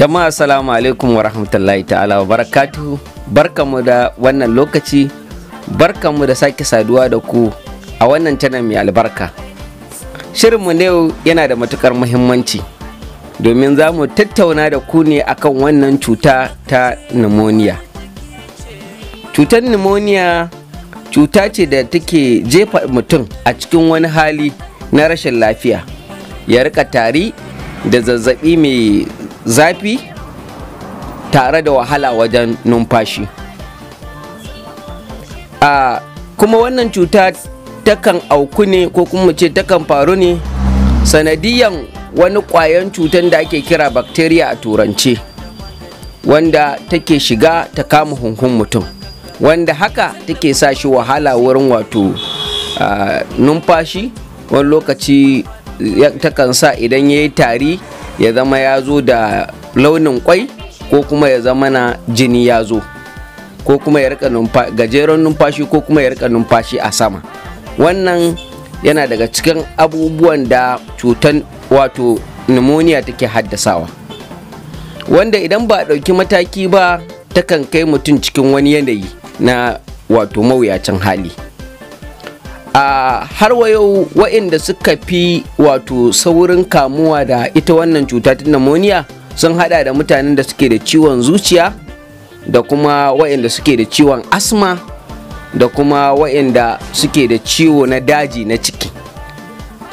jama'a assalamu alaikum wa rahmatullahi ta'ala wa barka barkamu da wannan lokaci barkamu da sake saduwa da ku a wannan tana mai albarka shirinmu na yau yana da matukar muhimmanci domin za mu tattauna da ku ne akan wannan cuta ta pneumonia cutar pneumonia cuta ce da take jefa mutum a cikin wani hali na rashin lafiya ya rika tari da zazzabi mai zafi tare da wahala wajen numfashi uh, kuma wannan cuta takan auku ne ko kuma ce takan faru ne sanadiyan wani ƙwayan cutan da ake kira bakteriya a turance wanda take shiga ta kama hunhun mutum wanda haka take sa shi wahala wurin wato numfashi wani lokaci takan sa idan ya yi tari ya zama ya zo da launin kwai ko kuma ya zama na jini ya zo ko kuma ya rika gajeren numfashi ko kuma ya rika numfashi a sama wannan yana daga cikin abubuwan da cutan wato pneumonia take haddasawa wanda idan ba a ɗauki mataki ba ta kan kai mutum cikin wani yanayi na wato mawuyacin hali a har yau wa'inda suka fi wato saurin kamuwa da ita wannan cuta ta pneumonia sun hada da mutanen da suke da ciwon zuciya da kuma wa'inda suke da ciwon asma da kuma wa'inda suke da ciwo na daji na ciki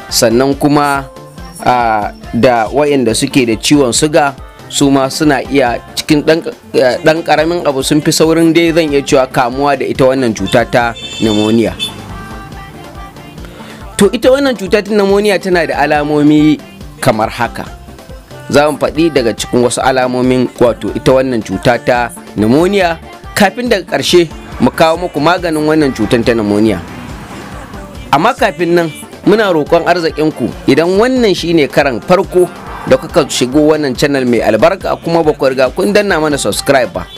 sannan kuma a, da wa'inda suke da ciwon suga su ma suna iya cikin ɗan karamin abu sun fi saurin dai zan iya cewa kamuwa da ita wannan cuta ta pneumonia to ita wannan cuta ta pneumonia tana da alamomi kamar haka za mu faɗi daga cikin wasu alamomin wato ita wannan cuta ta pneumonia kafin daga ƙarshe mu kawo muku maganin wannan cutar ta pneumonia amma kafin nan muna roƙon arzikinku idan wannan shine karan farko da kuka shigo wannan channel mai albarka kuma ba ku riga kun danna mana subscribe ba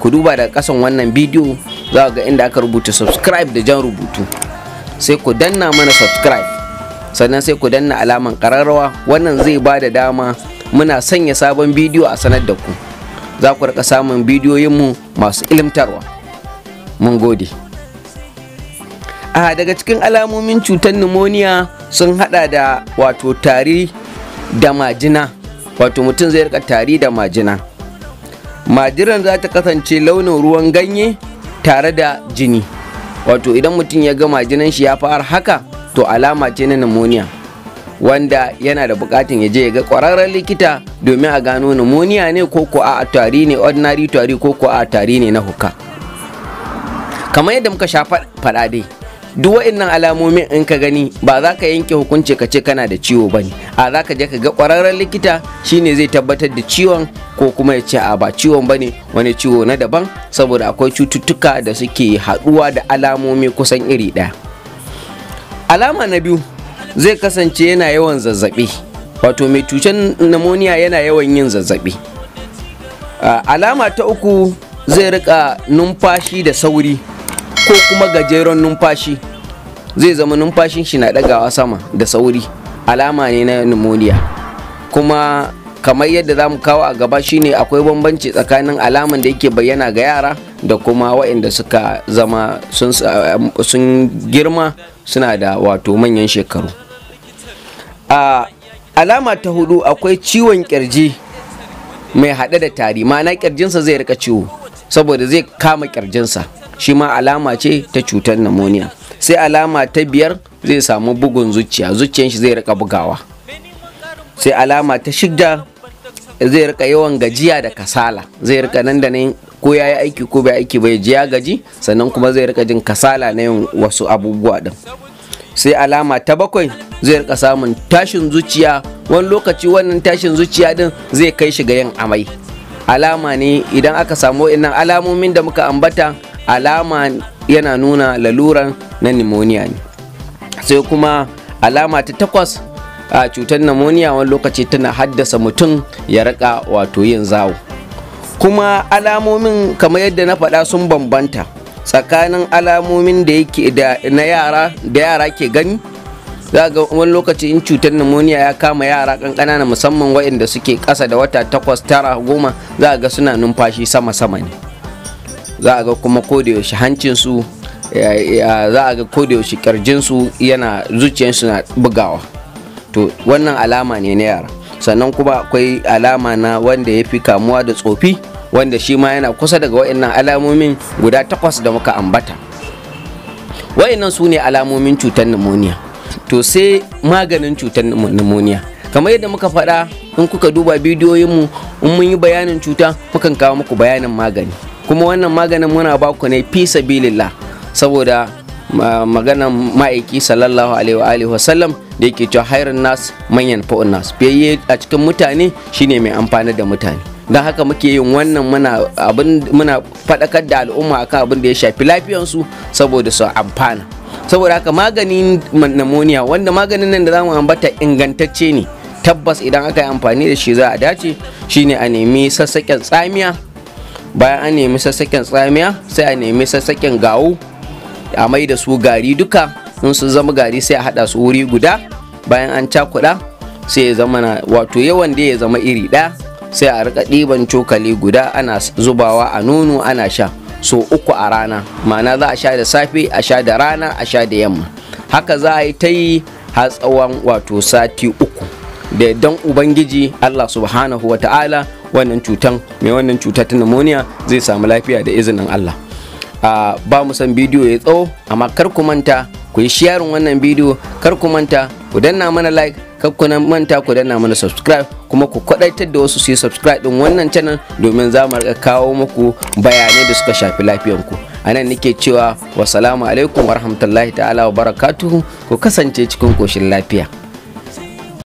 ku duba daga ƙasan wannan bidiyo za ga inda aka rubuta subscribe da jan rubutu sai ku danna mana subscribe sannan sai ku danna alaman ƙararrawa wannan zai ba da dama muna sanya sabon bidiyo a sanar da ku za ku rika samun bidiyoyinmu masu ilimtarwa mun gode a daga cikin alamomin cutar pneumonia sun hada da wato tari da majina wato mutum zai rika tari da majina majiran za ta kasance launin ruwan ganye tare da jini wato idan mutum ya gama jinin shi ya fara haka to alama ce na pneumonia wanda yana da bukatun ya je ya ga kwararren likita domin a gano pneumonia ne ko ko a tari ne ordinary tari ko ko a tari ne na huka kamar yadda muka sha faɗa dai duk wa'annan alamomin in ka gani ba za ka yanke hukunci ka ce kana da ciwo ba ne a za ka je ka ga ƙwararren likita shine zai tabbatar da ciwon ko kuma ya ce a ba ciwon ba ne wani ciwo na daban saboda akwai cututtuka da suke haɗuwa da alamomi kusan iri ɗaya alama na biyu zai kasance yana yawan zazzaɓi wato mai cutar pneumonia yana yawan yin zazzaɓi alama ta uku zai rika numfashi da sauri ko kuma gajeren numfashi zai zama numfashin shi na ɗagawa sama da sauri alama ne na pneumonia kuma kamar yadda za mu kawo a gaba shine akwai bambanci tsakanin alaman da yake bayyana ga yara da kuma waɗanda suka zama sun girma suna da wato manyan shekaru a alama ta hudu akwai ciwon kirji mai haɗe da tari ma'ana kirjinsa zai rika ciwo saboda zai kama kirjinsa shi ma alama ce ta cutar pneumonia sai alama ta biyar zai samu bugun zuciya zuciyan shi zai rika bugawa sai alama ta shida zai rika yawan gajiya da kasala zai rika nan da nan ko ya yi aiki ko bai aiki bai ji gaji sannan kuma zai rika jin kasala na yin wasu abubuwa din sai alama ta bakwai zai rika samun tashin zuciya wani lokaci wannan tashin zuciya din zai kai shi ga yin amai alama ne idan aka samu inan alamomin da muka ambata alama yana nuna laluran na pneumonia ne sai kuma alama ta takwas a cutar pneumonia wani lokaci tana haddasa mutum ya rika wato yin zawo kuma alamomin kamar yadda na faɗa sun bambanta tsakanin alamomin da yake na yara da yara ke gani za ga wani lokaci in cutar pneumonia ya kama yara kankana na musamman waɗanda suke ƙasa da wata takwas tara goma za ga suna numfashi sama-sama ne za a ga kuma kodayaushe hancinsu za a ga kodayaushe su yana zuciyarsu na bugawa to wannan alama ne na yara sannan kuma akwai alama na wanda ya fi kamuwa da tsofi wanda shi ma yana kusa daga wa'annan alamomin guda takwas da muka ambata wa'annan su ne alamomin cutar pneumonia to sai maganin cutar pneumonia kamar yadda muka faɗa in kuka duba bidiyoyinmu in mun yi bayanin cuta mukan kawo muku bayanin magani kuma wannan maganin muna baku ne fi sabilillah saboda maganan ma'aiki sallallahu alaihi wa sallam da yake cewa hairun nas manyan fa'un nas fiye a cikin mutane shine mai amfani da mutane don haka muke yin wannan muna faɗakar da al'umma akan abin da ya shafi lafiyansu saboda su amfana saboda haka maganin pneumonia wanda maganin nan da zamu ambata ingantacce ne tabbas idan aka yi amfani da shi za a dace shine a nemi sassaƙen tsamiya bayan an nemi sassaken tsamiya sai a nemi sassaken gawo a mai da su gari duka in su zama gari sai a haɗa su wuri guda bayan an cakuɗa sai ya zama na wato yawan da ya zama iri ɗaya sai a rika ɗiban cokali guda ana zubawa a nono ana sha so uku a rana ma'ana za a sha da safe a sha da rana a sha da yamma haka za a yi ta yi har tsawon wato sati uku da don ubangiji allah subhanahu wa ta'ala wannan cutan mai wannan cutar ta pneumonia zai samu lafiya da izinin Allah uh, ba mu san bidiyo ya tsawo amma kar ku manta ku yi sharing wannan bidiyo kar ku manta ku danna mana like kar ku manta ku danna mana subscribe kuma ku kwadaitar da wasu su yi subscribe din wannan channel domin za mu rika kawo muku bayanai da suka shafi lafiyanku a nan nake cewa wasalamu alaikum warahmatullahi ta'ala wa barakatuhu ku kasance cikin koshin lafiya